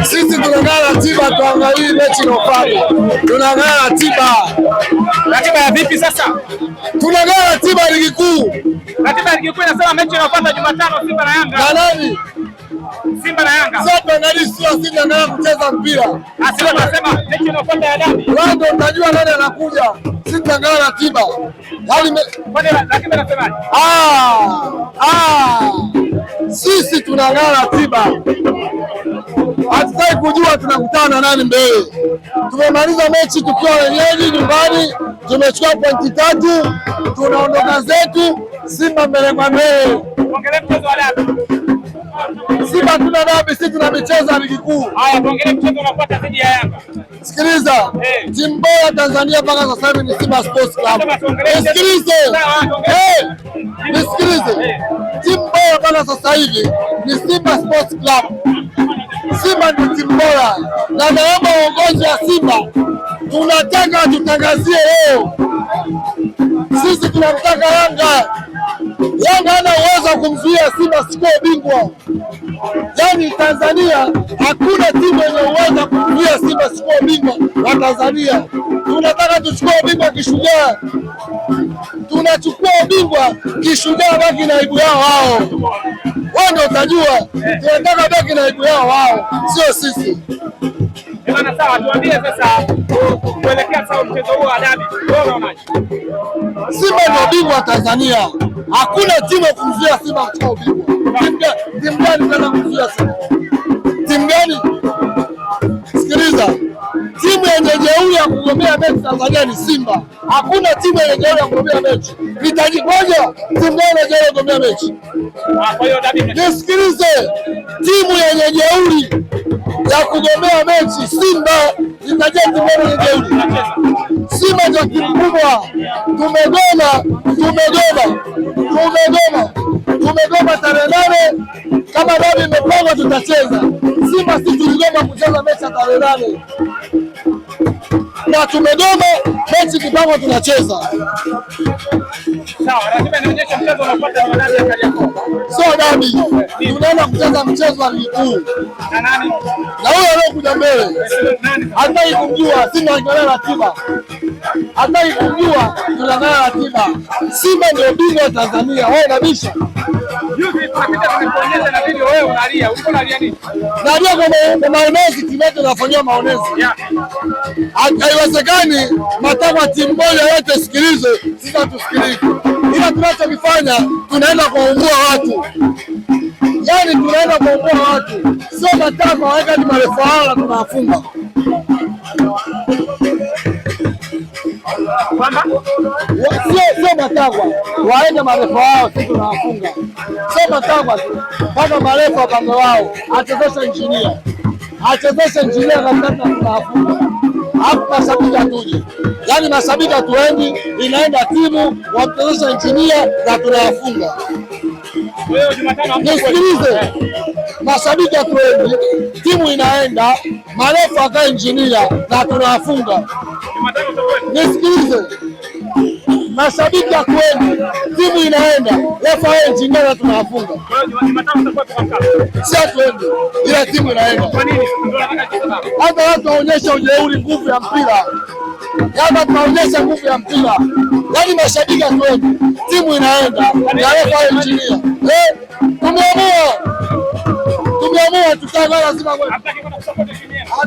Sisi tunang'aa ratiba, tuangalie mechi inayofuata. Tunang'aa ratiba. Ratiba ya vipi sasa? Tunang'aa ratiba ligi kuu. Ratiba ya ligi kuu inasema mechi inayofuata Jumatano Simba na Yanga. Na nani? Simba na Yanga. Sasa ngali sio Simba na Yanga kucheza mpira. Asili ah, tunasema mechi inayofuata ya dabi. Wao utajua nani anakuja. Sisi tunang'aa ratiba. Hali yaani me... Kwani ratiba inasemaje? Ah! Ah! Sisi tunang'aa ratiba, hatutaki kujua tunakutana nani mbele. Tumemaliza mechi tukiwa wenyeji nyumbani, tumechukua pointi tatu, tunaondoka zetu. Simba mbele kwa mbele. Simba tuna dabi, sisi tuna michezo ya ligi kuu. Sikiliza, eh. timu bora Tanzania mpaka sasa hivi ni Simba Sports Club. Nisikilize, nisikilize eh sasa hivi ni Simba Sports Club. Simba ni timu bora, na naomba uongozi wa Simba tunataka tutangazie leo, sisi tunamtaka Yanga. Yanga ana uwezo wa kumzuia Simba sikuwa bingwa. Yaani Tanzania hakuna timu yenye uwezo wa kumzuia Simba sikuwa bingwa wa Tanzania. Tunataka tuchukue ubingwa kishujaa tunachukua ubingwa kishujaa, baki na aibu yao wao. Wao ndio utajua, tunataka baki na aibu yao wao, sio sisi. Simba ndio bingwa Tanzania. Hakuna timu ya kumzuia Simba kuchukua ubingwa. Timu gani tena kumzuia Simba? Timu gani? ya kugombea mechi Tanzania ni Simba. Hakuna timu yenye jeuri ya kugombea mechi. moja timu gani yenye jeuri ya kugombea ah, mechi? Nisikilize, timu yenye jeuri ya kugombea mechi Simba. Nitajia timu gani yenye jeuri? Simba ndio timu kubwa. Tumegoma, tumegoma, tumegoma, tumegoma tarehe nane kama dabi imepangwa tutacheza. Simba si tuligoma kucheza mechi tarehe nane na tumedoma mechi kipango tunacheza. Sawa, ratiba inaonyesha mchezo unafuata wa Kariakoo sio dabi, tunaenda kucheza mchezo wa ligi na huyo anaokuja mbele hataki kumjua. Simba ingana ratiba, hataki kumjua, tunangana ratiba. Simba ndio bingwa Tanzania, wewe nabisha nalia kwa maonezi, timu nafanyia maonezi. Haiwezekani matakwa timu moja yote sikilize, sisi ila tunachokifanya tunaenda kuwaungua watu, yaani tunaenda kuwaungua watu, sio mataa waweka ni marefuala tunawafunga sio matakwa waende marefu wao, si tunawafunga. Sio matakwa tu, mpaka marefa wapande wao, achezeshe injinia, achezeshe injinia katikati, tunawafunga hapa Sabika tuje, yaani na Sabika inaenda timu wamchezesha injinia na tunawafunga. Nisikilize, Masabika tuendi, timu inaenda marefu akae injinia na tunawafunga. Nisikilize mashabiki ya kweli, timu inaenda refa njingana, tunawafunga si hatuendi, ila timu inaenda. Hata watu waonyesha ujeuri, nguvu ya mpira Yanga tunaonyesha nguvu ya mpira, yaani mashabiki kwetu, timu inaenda narefa injinia. Eh, tumeamua, tumeamua, tutakaa lazima